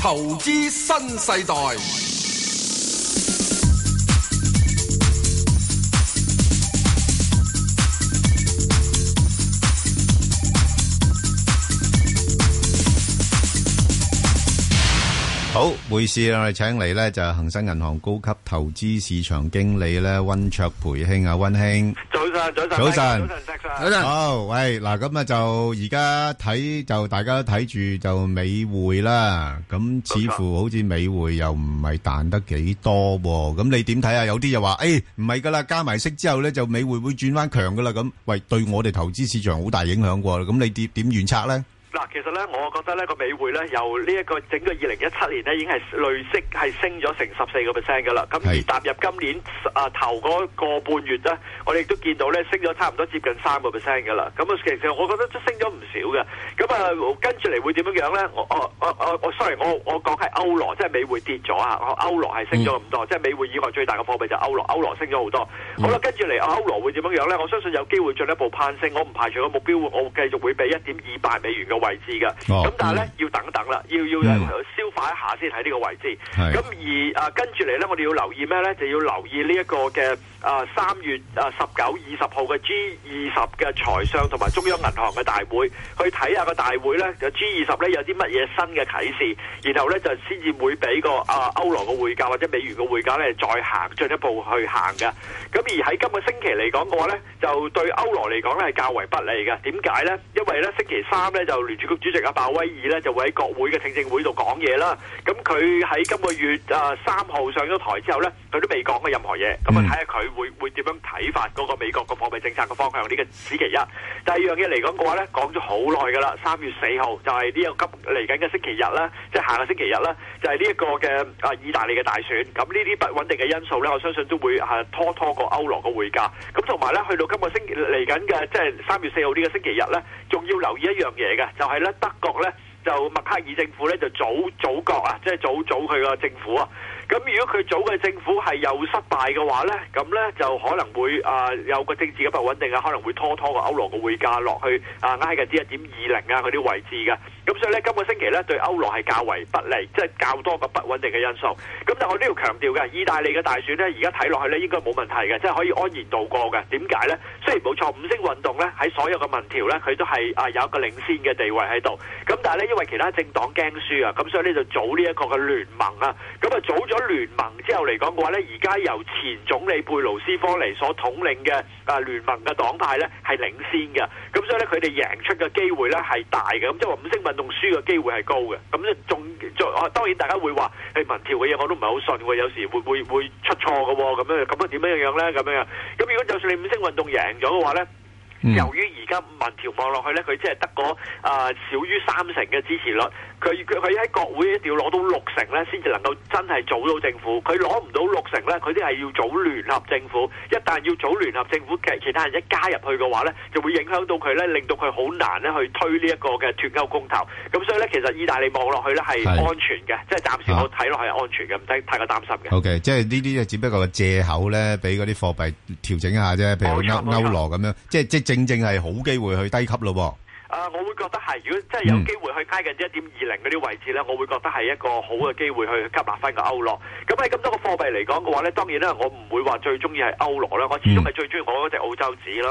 投資新世代，好，匯市我哋請嚟咧就係恒生銀行高級投資市場經理咧，温灼培兄啊，温兄。溫早晨，早晨，早晨，好、哦、喂嗱，咁啊就而家睇就大家都睇住就美匯啦，咁似乎好似美匯又唔係彈得幾多喎，咁你點睇啊？有啲又話，誒唔係噶啦，加埋息之後咧就美匯會轉返強噶啦，咁喂對我哋投資市場好大影響噶，咁你點點預測咧？嗱，其實咧，我覺得呢個美匯咧由呢一個整個二零一七年呢，已經係累積係升咗成十四個 percent 嘅啦。咁而踏入今年啊頭嗰個半月咧，我哋亦都見到咧升咗差唔多接近三個 percent 嘅啦。咁啊，其實我覺得都升咗唔少嘅。咁啊，跟住嚟會點樣樣咧？我我我我我，雖然我我講係歐羅，即係美匯跌咗啊，歐羅係升咗咁多，嗯、即係美匯以外最大嘅貨幣就歐羅，歐羅升咗好多。嗯、好啦，跟住嚟歐羅會點樣樣咧？我相信有機會進一步攀升，我唔排除個目標，我繼續會俾一點二八美元嘅位置嘅，咁但係咧要等等啦，要要消化一下先喺呢個位置。咁而啊跟住嚟咧，我哋要留意咩咧？就要留意呢一個嘅啊三月啊十九、二十號嘅 G 二十嘅財商同埋中央銀行嘅大會，去睇下個大會咧，就 G 二十咧有啲乜嘢新嘅啟示，然後咧就先至會俾個啊歐羅嘅匯價或者美元嘅匯價咧再行進一步去行嘅。咁而喺今個星期嚟講嘅話咧，就對歐羅嚟講咧係較為不利嘅。點解咧？因為咧星期三咧就聯儲局主席阿鮑威爾呢就會喺國會嘅聽證會度講嘢啦。咁佢喺今個月啊三號上咗台之後呢。佢都未講過任何嘢，咁我睇下佢會會點樣睇法嗰個美國個貨幣政策嘅方向，呢個此其一。第二樣嘢嚟講嘅話呢，講咗好耐噶啦，三月四號就係呢個急嚟緊嘅星期日啦，即係下個星期日啦，就係呢一個嘅啊意大利嘅大選。咁呢啲不穩定嘅因素呢，我相信都會嚇拖拖過歐羅嘅匯價。咁同埋呢，去到今個星期嚟緊嘅即係三月四號呢個星期日呢，仲要留意一樣嘢嘅，就係呢德國呢，就默克爾政府呢，就組組閣啊，即係組組佢個政府啊。咁如果佢組嘅政府係又失敗嘅話呢，咁呢就可能會啊、呃、有個政治嘅不穩定啊，可能會拖拖個歐羅嘅匯價落去啊，挨近一點二零啊啲位置嘅。咁所以呢，今、這個星期呢，對歐羅係較為不利，即係較多個不穩定嘅因素。咁但係我都要強調嘅，意大利嘅大選呢，而家睇落去呢應該冇問題嘅，即係可以安然度過嘅。點解呢？雖然冇錯五星運動呢，喺所有嘅民調呢，佢都係啊有一個領先嘅地位喺度，咁但係呢，因為其他政黨驚輸啊，咁所以呢，就組呢一個嘅聯盟啊，咁啊組咗。聯盟之後嚟講嘅話呢，而家由前總理貝盧斯科尼所統領嘅啊聯盟嘅黨派呢，係領先嘅，咁所以呢，佢哋贏出嘅機會呢，係大嘅，咁即係話五星運動輸嘅機會係高嘅，咁咧仲當然大家會話誒民調嘅嘢我都唔係好信嘅，有時會會會出錯嘅，咁樣咁樣點樣樣呢？咁樣樣，咁如果就算你五星運動贏咗嘅話呢、嗯，由於而家民調望落去呢，佢即係得個少於三成嘅支持率。佢佢佢喺國會一定要攞到六成咧，先至能夠真係組到政府。佢攞唔到六成咧，佢啲係要組聯合政府。一旦要組聯合政府嘅其他人一加入去嘅話咧，就會影響到佢咧，令到佢好難咧去推呢一個嘅脫歐公投。咁所以咧，其實意大利望落去咧係安全嘅，即係暫時我睇落係安全嘅，唔使太過擔心嘅。OK，即係呢啲就只不過借口咧，俾嗰啲貨幣調整一下啫，譬如歐歐羅咁樣，即係即係正正係好機會去低級咯。啊，我會覺得係，如果真係有機會去接近一點二零嗰啲位置呢、嗯，我會覺得係一個好嘅機會去吸埋翻個歐羅。咁喺咁多個貨幣嚟講嘅話呢，當然咧我唔會話最中意係歐羅啦，我始終係最中意我嗰隻澳洲紙啦。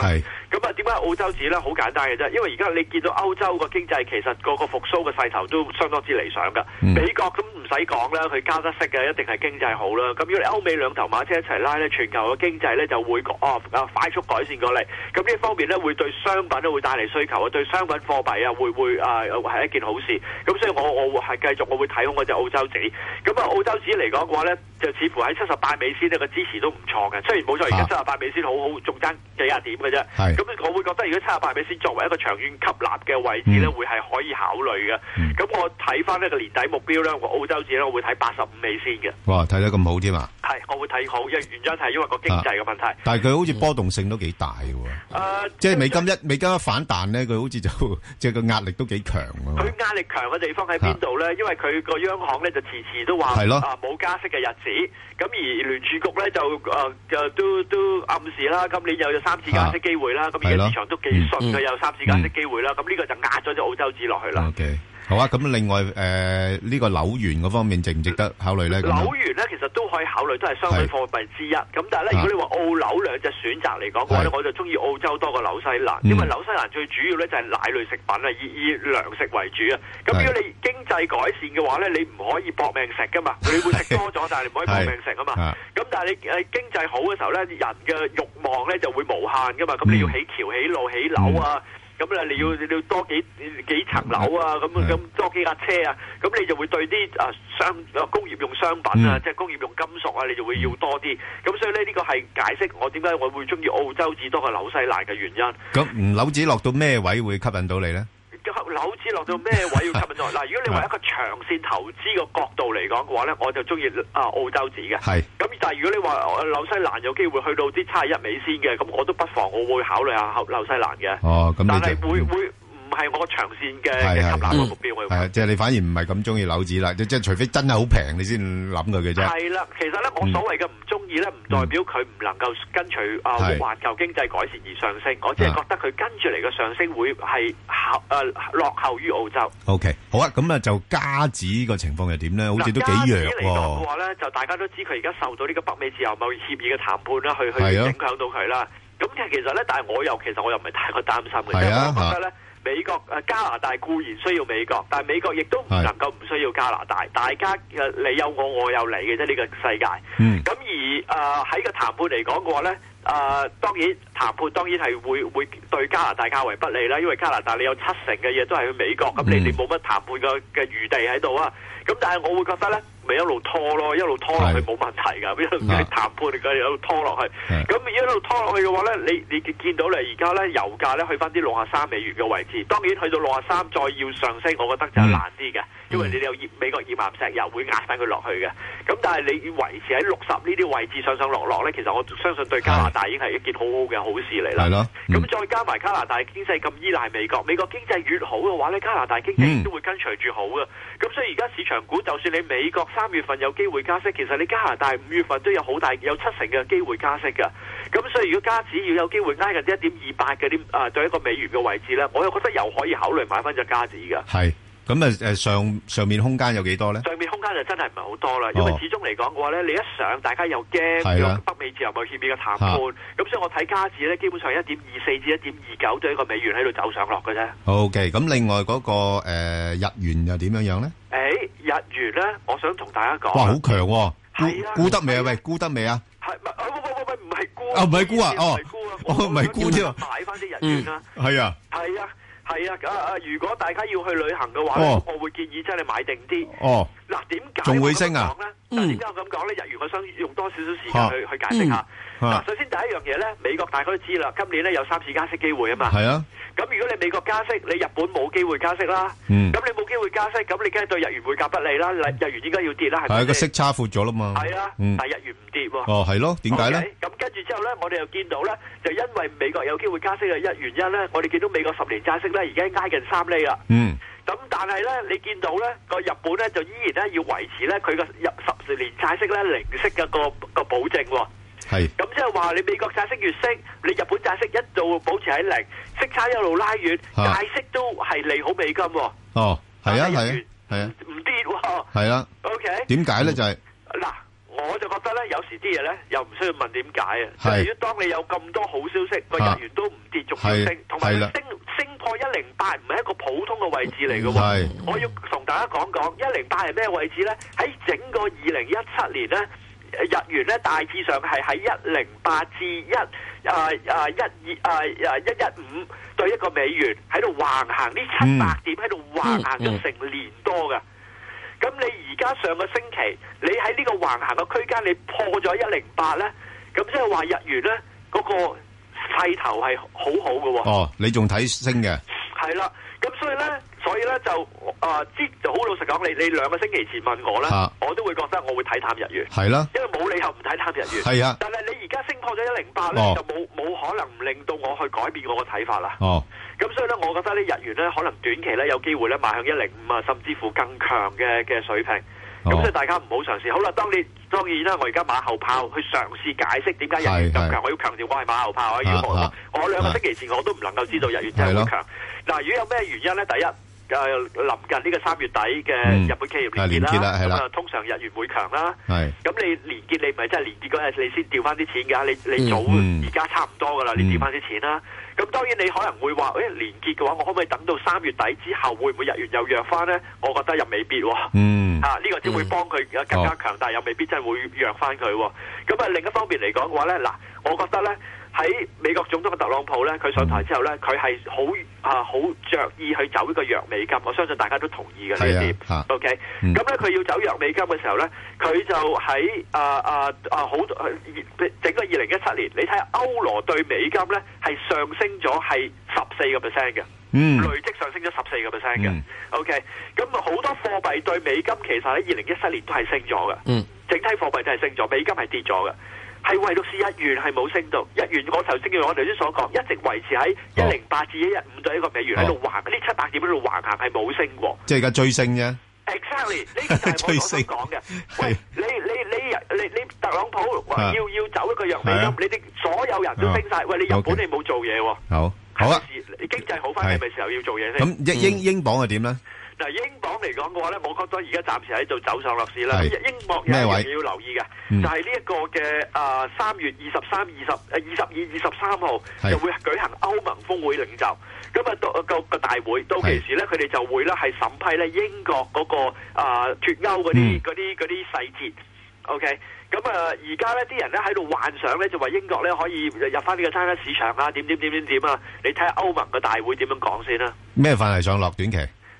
咁啊點解澳洲紙呢？好簡單嘅啫，因為而家你見到歐洲個經濟其實個個復甦嘅勢頭都相當之理想㗎、嗯。美國咁唔使講啦，佢加得息嘅，一定係經濟好啦。咁如果你歐美兩頭馬車一齊拉呢，全球嘅經濟呢就會 off，哦啊快速改善過嚟。咁呢方面呢，會對商品咧會帶嚟需求啊，對商揾貨幣啊，會唔會啊，係一件好事。咁所以我我會係繼續，我會睇好嗰隻澳洲紙。咁啊，澳洲紙嚟講嘅話咧，就似乎喺七十八美仙呢個支持都唔錯嘅。雖然冇錯，而家七十八美仙好好，仲、啊、爭幾廿點嘅啫。咁我會覺得，如果七十八美仙作為一個長遠吸納嘅位置咧、嗯，會係可以考慮嘅。咁、嗯、我睇翻呢個年底目標咧，澳洲紙咧，我會睇八十五美仙嘅。哇，睇得咁好添嘛？係，我會睇好，因為原因係因為個經濟嘅問題。啊、但係佢好似波動性都幾大喎、啊啊。即係美金一美金一反彈咧，佢好似就～即係個壓力都幾強啊。佢壓力強嘅地方喺邊度咧？因為佢個央行咧就次次都話係咯，冇、啊、加息嘅日子。咁而聯儲局咧就誒、啊、就都都暗示啦，今年有咗三次加息機會啦。咁而市場都幾信佢有三次加息機會啦。咁呢、嗯嗯、個就壓咗隻澳洲紙落去啦。Okay. 好啊，咁另外誒呢、呃這個紐元嗰方面值唔值得考慮呢？紐元咧其實都可以考慮，都係商品貨幣之一。咁但係咧，如果你話澳紐兩隻選擇嚟講嘅話咧，我就中意澳洲多過紐西蘭、嗯，因為紐西蘭最主要咧就係奶類食品啊，以以糧食為主啊。咁如果你經濟改善嘅話咧，你唔可以搏命食噶嘛，你會食多咗，但係你唔可以搏命食啊嘛。咁但係你誒經濟好嘅時候咧，人嘅慾望咧就會無限噶嘛，咁你要起橋、嗯、起路、起樓啊。嗯咁你要你要多幾幾層樓啊，咁咁多幾架車啊，咁你就會對啲啊商工業用商品啊，嗯、即係工業用金屬啊，你就會要多啲。咁所以呢，呢個係解釋我點解我會鍾意澳洲紙多過紐西蘭嘅原因。咁唔，紐紙落到咩位會吸引到你咧？樓指落到咩位要吸引到？嗱，如果你話一個長線投資嘅角度嚟講嘅話咧，我就中意啊澳洲紙嘅。係。咁但係如果你話紐西蘭有機會去到啲差一美先嘅，咁我都不妨我會考慮下紐西蘭嘅。哦，咁、嗯。但係會會。唔係我長線嘅合攬嘅目標，即係、嗯就是、你反而唔係咁中意樓子啦，即、就、係、是、除非真係好平，你先諗佢嘅啫。係啦，其實咧，我所謂嘅唔中意咧，唔、嗯、代表佢唔能夠跟隨啊、嗯呃、環球經濟改善而上升。我只係覺得佢跟住嚟嘅上升會係、呃、落後於澳洲。OK，好啊，咁啊就加紙個情況又點咧？好似都幾弱喎。話咧、哦、就大家都知佢而家受到呢個北美自由貿易協議嘅談判啦，去去影響到佢啦。咁其實呢，咧，但係我又其實我又唔係太過擔心嘅，我覺得咧。美國誒加拿大固然需要美國，但係美國亦都唔能夠唔需要加拿大。大家你有我，我有你嘅啫，呢、呢個世界。咁、嗯、而誒喺、呃、個談判嚟講嘅話咧，誒、呃、當然談判當然係會會對加拿大較為不利啦，因為加拿大你有七成嘅嘢都係去美國，咁、嗯、你哋冇乜談判嘅嘅餘地喺度啊。咁但係我會覺得呢。咪一路拖咯，一路拖落去冇問題噶，一路談判嘅，一路拖落去。咁如果一路拖落去嘅話咧，你你見到咧，而家咧，油價咧去翻啲六十三美元嘅位置，當然去到六十三再要上升，我覺得就係難啲嘅。因為你有美國二萬石油會壓翻佢落去嘅，咁但係你要維持喺六十呢啲位置上上落落呢，其實我相信對加拿大已經係一件好好嘅好事嚟啦。咁再加埋加，加拿大經濟咁依賴美國，美國經濟越好嘅話呢，加拿大經濟都會跟隨住好嘅。咁、嗯、所以而家市場股就算你美國三月份有機會加息，其實你加拿大五月份都有好大有七成嘅機會加息㗎。咁所以如果加子要有機會挨近一點二八嘅啲啊，對一個美元嘅位置呢，我又覺得又可以考慮買翻隻加指嘅。咁啊誒上上面空間有幾多咧？上面空間就真係唔係好多啦，哦，因為始終嚟講嘅話咧，你一上，大家又驚，啊、北美自由貿協嘅談判，咁、啊嗯、所以我睇加紙咧，基本上一點二四至一點二九，兌一個美元喺度走上落嘅啫。OK，咁另外嗰、嗰個、呃、日元又點樣樣咧？誒、欸、日元咧，我想同大家講，哇好強，沽沽得未啊？喂，沽得未啊？係喂，喂，唔係沽啊？唔係沽啊，啊，啊，啊，啊，啊，啊？哦，唔係沽、啊、沽啊？我唔係沽添啊！啊買翻啲日元啦。係啊。係、嗯、啊。係啊，啊啊！如果大家要去旅行嘅話咧，哦，我會建議你買定啲。哦，嗱，點解仲會升啊咧？嗯，點解我咁講咧？日，如果想用多少少時間去去解釋下。嗱、啊，首先第一樣嘢咧，美國大家都知啦，今年咧有三次加息機會啊嘛。係啊，咁如果你美國加息，你日本冇機會加息啦。咁、嗯、你冇機會加息，咁你梗係對日元匯價不利啦。日元應該要跌啦，係咪？個、啊、息差闊咗啦嘛。係啊、嗯，但日元唔跌喎。哦，係咯、啊，點解咧？咁跟住之後咧，我哋又見到咧，就因為美國有機會加息嘅一原因咧，我哋見到美國十年債息咧，而家挨近三厘啦。嗯，咁但係咧，你見到咧個日本咧，就依然咧要維持咧佢個十十年債息咧零息嘅個個保證、哦。係咁即係話你美國債息越升，你日本債息一度保持喺零，息差一路拉遠，債息都係利好美金。哦，係啊，係係啊，唔跌係啦。O K，點解咧就係嗱，我就覺得咧有時啲嘢咧又唔需要問點解啊。係要當你有咁多好消息，個日元都唔跌，續上升，同埋升升破一零八，唔係一個普通嘅位置嚟嘅。係我要同大家講講一零八係咩位置咧？喺整個二零一七年咧。日元咧大致上係喺一零八至一啊啊一二啊啊一一五對一個美元喺度橫行，呢七百點喺度橫行咗成年多嘅。咁、嗯嗯嗯、你而家上個星期你喺呢個橫行嘅區間，你破咗一零八咧，咁即係話日元咧嗰個勢頭係好好嘅。哦，你仲睇升嘅？係啦。咁所以咧，所以咧就啊，之、呃、就好老實講，你你兩個星期前問我咧、啊，我都會覺得我會睇淡日元，係啦，因為冇理由唔睇淡日元，係啊。但係你而家升破咗一零八咧，就冇冇可能唔令到我去改變我個睇法啦。哦，咁所以咧，我覺得咧，日元咧可能短期咧有機會咧，邁向一零五啊，甚至乎更強嘅嘅水平。咁、哦、所以大家唔好嘗試。好啦，當你當然啦，我而家馬後炮去嘗試解釋點解日元咁強，我要強調我係馬後炮啊！我兩個星期前我都唔能夠知道日元真係好強。嗱，如果有咩原因咧？第一，誒、啊、臨近呢個三月底嘅日本企業年結啦，咁、嗯、啊通常日元會強啦。咁你年結你咪即係年結嗰日你先調翻啲錢㗎。你你，你早而家、嗯、差唔多㗎啦，你調翻啲錢啦。咁、嗯、當然你可能會話，誒、欸、年結嘅話，我可唔可以等到三月底之後會唔會日元又弱翻咧？我覺得又未必、哦。嗯。呢、啊這個只會幫佢更加強，哦、但又未必真係會弱翻佢、哦。咁啊另一方面嚟講嘅話咧，嗱，我覺得咧。喺美國總統嘅特朗普咧，佢上台之後咧，佢係好啊好著意去走呢個弱美金。我相信大家都同意嘅呢一點。OK，咁咧佢要走弱美金嘅時候咧，佢就喺啊啊好啊好整個二零一七年，你睇歐羅對美金咧係上升咗係十四個 percent 嘅，累積上升咗十四個 percent 嘅。OK，咁啊好多貨幣對美金其實喺二零一七年都係升咗嘅、嗯，整體貨幣都係升咗，美金係跌咗嘅。係唯獨是一元係冇升到，一元我頭先完，我頭先所講一直維持喺、oh. 一零八至一一五對一個美元喺度橫，呢七百點喺度橫行係冇升喎，即係而家追升啫。Exactly 呢個係我所講嘅。係 你你你你你，你特朗普話要要走一個弱美元，你哋所有人都升晒。Oh. 喂，你日本、okay. 你冇做嘢喎、哦。好，好啦、啊，經濟好翻係咪時候要做嘢先？咁英英英鎊係點咧？嗯嗱，英鎊嚟講嘅話咧，我覺得而家暫時喺度走上落市啦。英國有要留意嘅、嗯，就係呢一個嘅啊，三月二十三、二十、二十二、二十三號就會舉行歐盟峰會領袖咁啊，到個個大會到期時咧，佢哋就會咧係審批咧英國嗰個啊脫歐嗰啲嗰啲啲細節。OK，咁啊，而家咧啲人咧喺度幻想咧，就話英國咧可以入翻呢個餐廳市場啊，點點點點點啊！你睇下歐盟嘅大會點樣講先啦。咩範圍上落短期？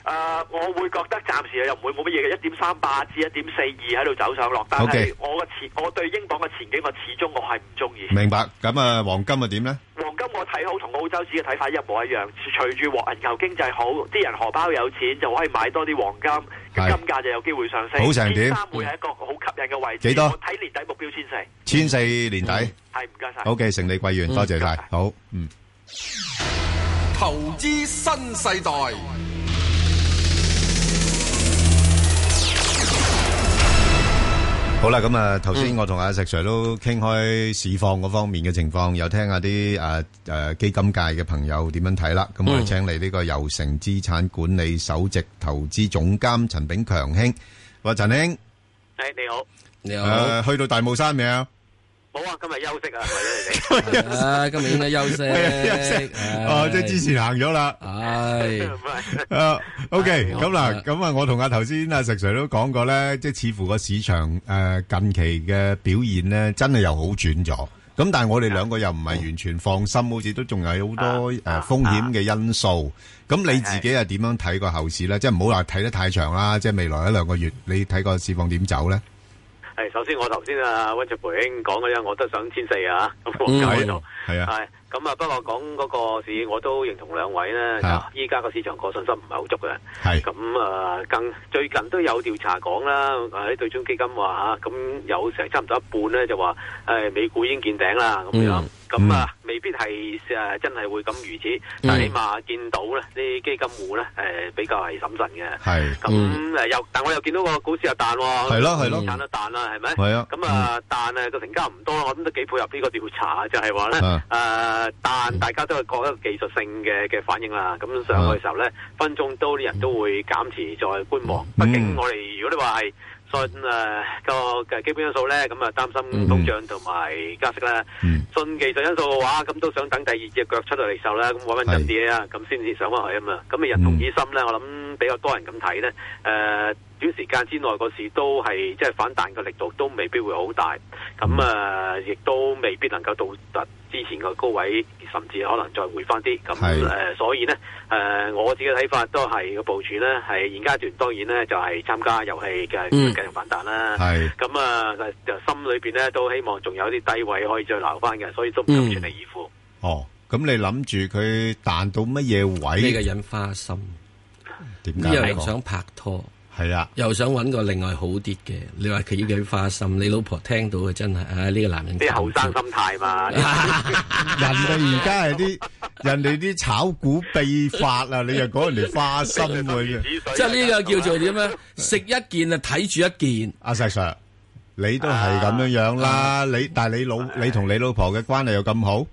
誒、uh,，我會覺得暫時又唔會冇乜嘢嘅，一點三八至一點四二喺度走上落。但係我嘅我對英鎊嘅前景，我始終我係唔中意。明白。咁啊，黃金又點呢？黃金我睇好，同澳洲市嘅睇法一模一樣。隨住環球經濟好，啲人荷包有錢，就可以買多啲黃金，金價就有機會上升。好成點？千三會係一個好吸引嘅位置。幾、嗯、多？我睇年底目標千四。千四年底。係唔該晒。OK，承你貴言，多、嗯、謝晒。好，投資、嗯、新世代。好啦，咁、嗯、啊，頭先我同阿石 Sir 都傾開市況嗰方面嘅情況，又聽下啲誒誒基金界嘅朋友點樣睇啦。咁、嗯、我哋請嚟呢個悠誠資產管理首席投資總監陳炳強兄，喂，陳兄，誒你好，你好，誒、啊、去到大帽山未啊？好啊，今日休息啊，休息啊，今日應該休息。哦，即係之前行咗啦。係唔係？誒，O K，咁嗱，咁啊，我同阿頭先阿石 Sir 都講過咧，即係似乎個市場誒近期嘅表現咧，真係又好轉咗。咁但係我哋兩個又唔係完全放心，好似都仲有好多誒風險嘅因素。咁你自己又點樣睇個後市咧？即係唔好話睇得太長啦，即係未來一兩個月，你睇個市況點走咧？係，首先我頭先啊温灼培兄講嗰啲，我都想千四啊咁我喺度啊。咁啊，不過講嗰個市，我都認同兩位咧。依家個市場個信心唔係好足嘅。係咁啊，更最近都有調查講啦，誒啲對沖基金話嚇，咁有成差唔多一半咧就話誒、哎、美股已經見頂啦咁樣咁啊，未必係誒、啊、真係會咁如此。但係起碼見到咧啲基金戶咧誒比較係審慎嘅。係咁誒又，但我又見到個股市又彈喎。係咯係咯，彈得彈啦係咪？係啊。咁啊彈啊個、呃嗯、成交唔多，我諗都幾配合呢個調查，就係話咧誒。誒，但大家都係覺得技術性嘅嘅反應啦，咁上去嘅時候咧，分鐘多啲人都會減持再觀望。畢竟我哋如果你話係信誒個嘅基本因素咧，咁啊擔心通脹同埋加息啦。信技術因素嘅話，咁都想等第二隻腳出到嚟受啦，咁搵緊陣啲嘢啊，咁先至上翻去啊嘛。咁啊，人同此心咧，我諗比較多人咁睇咧，誒、呃。短時間之內個市都係即係反彈嘅力度都未必會好大，咁啊亦都未必能夠到達之前嘅高位，甚至可能再回翻啲。咁、呃、所以呢，呃、我自己嘅睇法都係個部署呢，係現階段當然呢，就係、是、參加遊戲嘅繼續反彈啦。係咁啊，就、嗯呃、心裏邊呢，都希望仲有啲低位可以再留翻嘅，所以都唔敢全力以赴。預、嗯、付。哦，咁你諗住佢彈到乜嘢位？呢、呢個人花心，點解、因為、想拍拖？係啊，又想揾個另外好啲嘅。你話佢要佢花心、啊，你老婆聽到真啊，真係啊呢個男人。啲後生心態嘛， 人哋而家係啲 人哋啲炒股秘法啊，你又講人哋花心嘅。即係呢個叫做點咧？食一件啊，睇住一件。阿、石、Sir，你都係咁樣樣啦，啊、你但係你老、啊、你同你老婆嘅關係又咁好。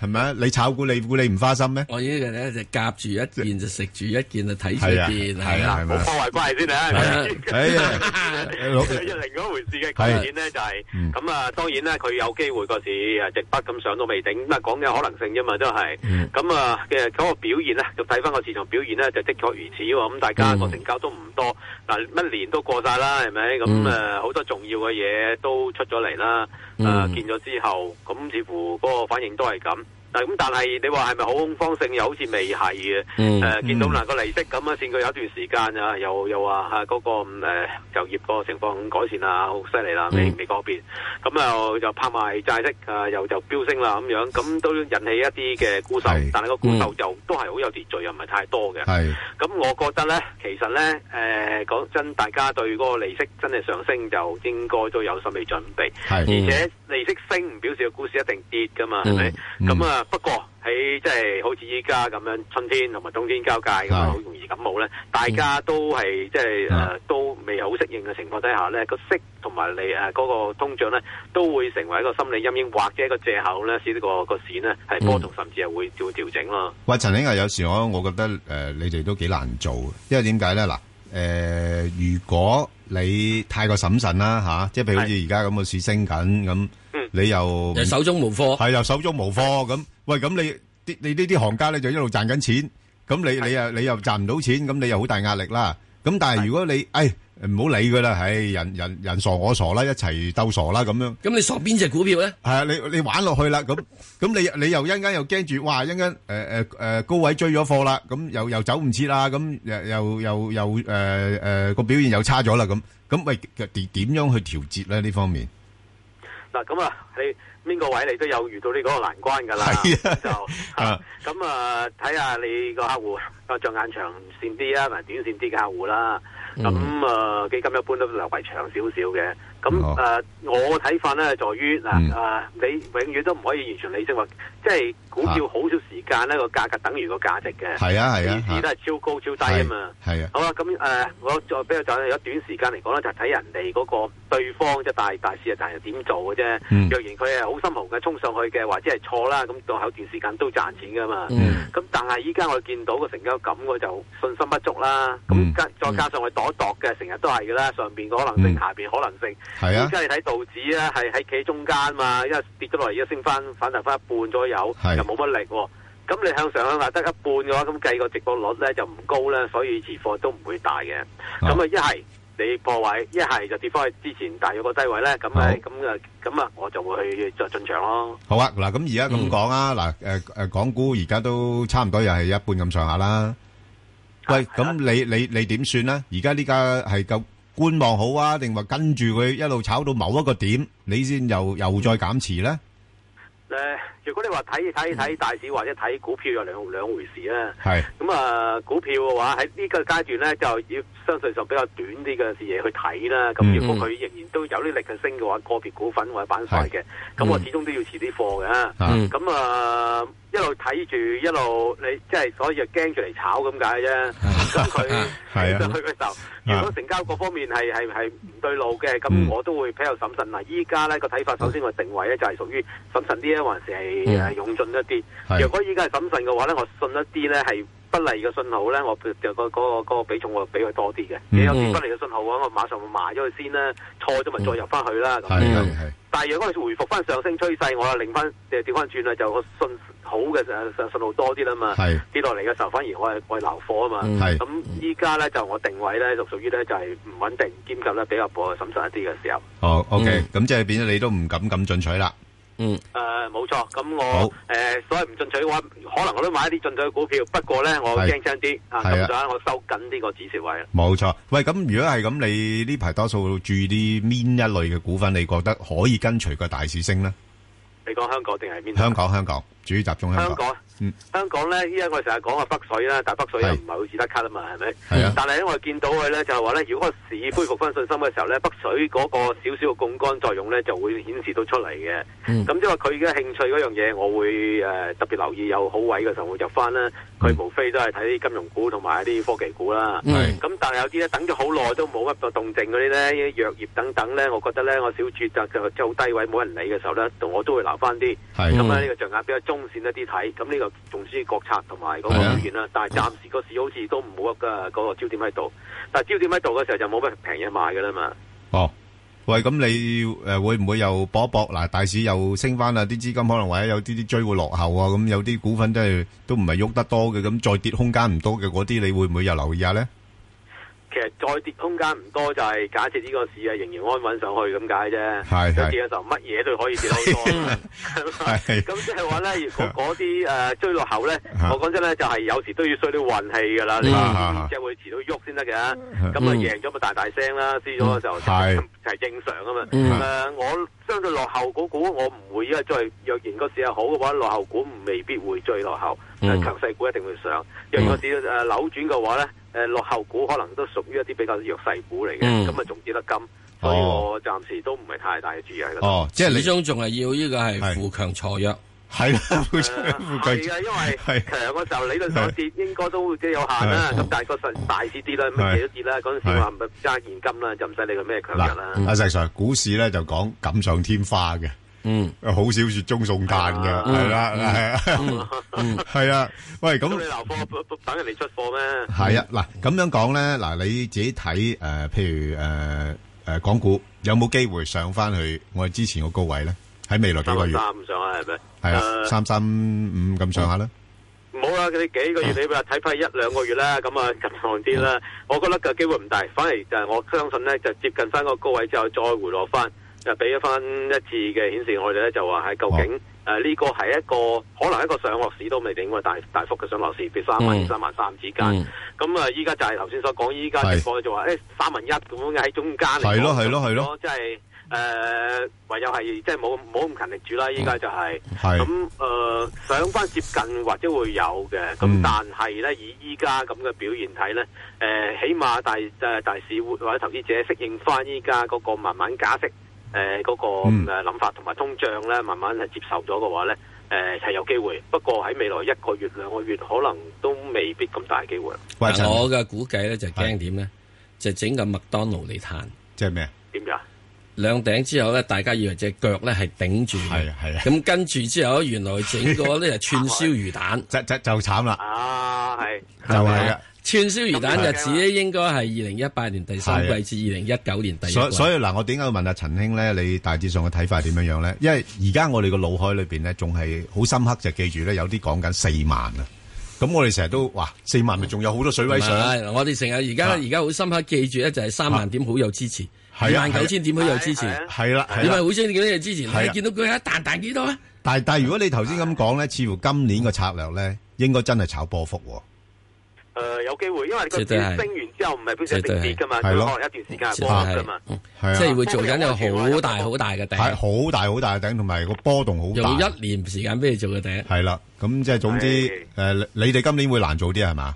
係咪啊？你炒股，你估你唔花心咩？我依啲咧就夾住一件就食住一件就睇住一件係啦，冇破壞關係先啦、啊 啊哎。哎，老另一回事嘅、就是。概係咧就係咁啊、嗯那，當然咧佢有機會個市啊，直筆咁上都未頂，咁啊講嘅可能性啫嘛，都係。咁啊嘅嗰個表現咧，就睇翻個市場表現咧，就的確如此。咁大家的、嗯那個成交都唔多，嗱乜年都過晒啦，係咪？咁誒好多重要嘅嘢都出咗嚟啦。誒、嗯，見咗之後，咁似乎嗰個反應都係。咁但係，你話係咪好恐慌性，又好似未係嘅？見到嗱、嗯嗰個利息咁啊，先佢有一段時間啊，又又話吓嗰個誒、呃，就業個情況改善啦，好犀利啦，未、嗯、未改咁又、嗯呃、就拍賣債息啊，又就飆升啦咁樣，咁都引起一啲嘅沽售。但係個沽售就都係好有秩序，又唔係太多嘅。係咁，我覺得咧，其實咧，誒、呃，講真，大家對嗰個利息真係上升就應該都有心理準備，而且。嗯利息升唔表示個股市一定跌噶嘛，係、嗯、咪？咁啊、嗯，不過喺即係好似依家咁樣春天同埋冬天交界咁啊，好容易感冒咧。大家都係即係誒，都未好適應嘅情況底下咧，個息同埋你誒嗰、個通脹咧，都會成為一個心理陰影，或者一個藉口咧，使、個、個市呢係波動，嗯、甚至係會做調整咯。喂，陳兄啊，有時我我覺得誒、呃，你哋都幾難做，因為點解咧？嗱誒、呃，如果你太過審慎啦嚇，即係譬如好似而家咁個市升緊咁。你又手中無貨，係又手中無貨咁。喂，咁你啲你呢啲行家咧就一路賺緊錢，咁是你是你又你又賺唔到錢，咁你又好大壓力啦。咁但係如果你，誒唔好理佢啦，誒人人人傻我傻啦，一齊鬥傻啦咁樣。咁你傻邊隻股票咧？係啊，你你玩落去啦，咁咁你你又一陣又驚住，哇一陣誒誒誒高位追咗貨啦，咁又又走唔切啦，咁又又又又誒誒個表現又差咗啦，咁咁喂點點樣去調節咧呢方面？嗱咁啊，你邊個位你都有遇到呢嗰個難關㗎啦， 就咁 啊睇下你個客戶個着眼長線啲啊，同埋短線啲嘅客戶啦。咁啊基金一般都留為長少少嘅。咁、哦、啊我睇法咧，係在於嗱、啊嗯、你永遠都唔可以完全理性話，即係。股票好少時間呢個、啊啊、價格等於個價值嘅，時啊，啊都係超高、啊、超低啊嘛。係啊，好啦，咁誒、呃，我再比較就有一短時間嚟講咧，就係、是、睇人哋嗰個對方即係、就是、大大市啊，大事但又點做嘅啫、嗯？若然佢係好心紅嘅，衝上去嘅，或者係錯啦，咁到後段時間都賺錢噶嘛。咁、嗯、但係依家我見到個成交咁，我就信心不足啦。咁加、嗯、再加上佢一度嘅，成日都係嘅啦。上邊可能性，嗯、下面可能性。係、嗯、啊。依家你睇道指咧，係喺企中間啊嘛，因為跌咗落嚟，而家升翻反彈翻一半左右。嗯嗯嗯就冇乜力喎，咁你向上向下得一半嘅話，咁計個值博率咧就唔高咧，所以持貨都唔會大嘅。咁啊一係你破位，一係就跌翻去之前大約個低位咧。咁咁啊，咁啊，我就會去再進場咯。好啊，嗱，咁而家咁講啊，嗱，誒誒，港股而家都差唔多又係一半咁上下啦。喂，咁你你你點算咧？而家呢家係夠觀望好啊，定話跟住佢一路炒到某一個點，你先又又再減持咧？誒。如果你話睇睇睇大市或者睇股票有兩兩回事啦，啊，係咁、嗯、啊股票嘅話喺呢個階段咧，就要相對上比較短啲嘅視野去睇啦。咁如果佢仍然都有啲力去升嘅話，個別股份或者板塊嘅，咁、嗯、我始終都要持啲貨嘅，啊。咁啊一路睇住，一路你即係、就是、所以就驚住嚟炒咁解啫。咁 佢以它 去去嘅時候，如果成交各方面係係係唔對路嘅，咁我都會比較審慎。嗱依家咧個睇法，首先個定位咧就係、是、屬於審慎啲還是係？係、嗯、用盡一啲，若果依家係謹慎嘅話咧，我信一啲咧係不利嘅信號咧，我就、那個嗰個嗰個比重我比佢多啲嘅。如、嗯、果不利嘅信號嘅話，我馬上會埋咗佢先啦，錯咗咪再入翻去啦、嗯。但係如果回復翻上升趨勢，我令擰翻返調翻轉啦，就我信好嘅信信號多啲啦嘛。係跌落嚟嘅時候，反而我係我係留貨啊嘛。係、嗯、咁，依家咧就我定位咧就屬於咧就係唔穩定、兼及咧比較波謹慎一啲嘅時候。哦，OK，咁、嗯、即係變咗你都唔敢咁進取啦。嗯，誒，冇錯，咁我誒，所以唔進取嘅話，可能我都買一啲進取嘅股票，不過咧，我驚啲，啊，咁所以我收緊呢個止蝕位。冇錯，喂，咁如果係咁，你呢排多數注意啲邊一類嘅股份，你覺得可以跟隨個大市升咧？你講香港定係邊？香港香港。主集中香港，嗯、香港咧，依家我哋成日講啊北水啦，但係北水又唔係好似得卡啊嘛，係咪？但係咧我哋見到佢咧就係話咧，如果個市恢復翻信心嘅時候咧，北水嗰個少少嘅槓桿作用咧就會顯示到出嚟嘅。咁即係話佢而家興趣嗰樣嘢，我會誒特別留意有好位嘅時候會入翻啦。佢、嗯、無非都係睇啲金融股同埋一啲科技股啦。咁、嗯、但係有啲咧等咗好耐都冇乜動靜嗰啲咧，藥業等等咧，我覺得咧我小絕特就即好低位冇人理嘅時候咧，我都會留翻啲。咁呢、嗯、個帳額比較中。先一啲睇，咁呢個仲需要國策同埋嗰個表現啦。但係暫時個市好似都冇一個嗰個焦點喺度。但係焦點喺度嘅時候就冇乜平嘢買噶啦嘛。哦，喂，咁你誒會唔會又搏一搏？嗱，大市又升翻啦，啲資金可能或者有啲啲追會落後啊。咁有啲股份都係都唔係喐得多嘅，咁再跌空間唔多嘅嗰啲，你會唔會又留意下咧？其實再跌空間唔多，就係假設呢個市啊仍然安穩上去咁解啫。係跌嘅時候，乜嘢都可以跌好多。係咁即係話咧，如果嗰啲誒追落後咧，啊、我講真咧，就係有時都要衰啲運氣噶啦。即、啊、只、啊、會遲到喐先得嘅。咁啊，贏咗咪大大聲啦，輸、啊、咗就時係、嗯、正常是是啊嘛。誒，我相對落後嗰股，我唔會因為再若然個市係好嘅話，落後股未必會追落後。強、嗯、勢股一定會上。若然個市誒扭轉嘅話咧。誒、呃，落後股可能都屬於一啲比較弱勢股嚟嘅，咁、嗯、啊，仲跌得金，所以我暫時都唔係太大嘅注意喺度、哦。哦，即係始終仲係要呢個係扶強錯弱，係啊，係啊，因為強嘅時候理論所跌，應該都會有限、啊哦哦哦、會啦。咁但係個實大市啲啦，咩都跌啦，嗰陣時話唔係揸現金啦，就唔使理佢咩強弱啦。阿石 Sir，股市咧就講錦上添花嘅。嗯，好少雪中送炭嘅，係啦，係啊，係啊，喂，咁你留貨等人哋出貨咩？係啊，嗱，咁樣講咧，嗱，你自己睇誒，譬如誒誒，港股有冇機會上翻去我哋之前個高位咧？喺未來幾個月三三五上下係咪？係啊，三三五咁上下咧？唔好啦，佢哋幾個月你話睇翻一兩個月啦，咁啊近望啲啦。我覺得個機會唔大，反而就係我相信咧，就接近翻個高位之後再回落翻。就俾一翻一次嘅顯示我呢，我哋咧就話喺究竟呢、哦呃這個係一個可能一個上落市都未定嘅大大幅嘅上落市，譬如三萬、三萬三之間。咁、嗯、啊，依、嗯、家、嗯、就係頭先所講，依家情況就話三萬一咁樣喺中間嚟。係咯，係咯，係咯，即係誒，唯有係即係冇冇咁勤力住啦。依家就係咁誒，上翻接近或者會有嘅。咁但係咧，以依家咁嘅表現睇咧、呃，起碼大誒大市或者投資者適應翻依家嗰個慢慢加息。誒、呃、嗰、嗰個咁諗、嗯、法同埋通脹呢，慢慢係接受咗嘅話呢，誒、呃、係有機會。不過喺未來一個月兩個月，可能都未必咁大機會。但係我嘅估計呢，就驚點呢，就整個麥當勞嚟嘆，即係咩點呀？兩頂之後呢，大家以為隻腳呢係頂住嘅，係啊，係啊。咁跟住之後，原來整個呢就 串燒魚蛋，就就就慘啦。啊，係，就係、是串燒魚蛋日子咧，應該係二零一八年第三季至二零一九年第二季。所以嗱，我點解要問阿陳兄咧？你大致上嘅睇法點樣樣咧？因為而家我哋個腦海裏邊咧，仲係好深刻就記住咧，有啲講緊四萬啊。咁我哋成日都哇，四萬咪仲有好多水位水。我哋成日而家而家好深刻記住咧，就係三萬點好有支持，二萬九千點好有支持，係啦，你咪好清楚啲嘢支持。你見到佢一彈彈幾多啊？但但係如果你頭先咁講咧，似乎今年個策略咧，應該真係炒波幅。誒、呃，有機會，因為佢跌升完之後唔係表示平跌噶嘛，佢落一段時間波噶嘛，即係會做緊有好大好大嘅頂，好大好大嘅頂，同埋個波動好大，有一年時間俾你做嘅頂，係啦、啊，咁即係總之，誒、呃，你哋今年會難做啲係嘛？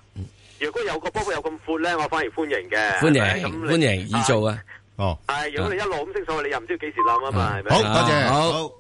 如果有個波幅有咁闊咧，我反而歡迎嘅，歡迎，是是歡迎易做啊！哦，係，如果你一路咁、嗯嗯、升上去，你又唔知幾時冧啊嘛，係、嗯、咪？好多謝，好。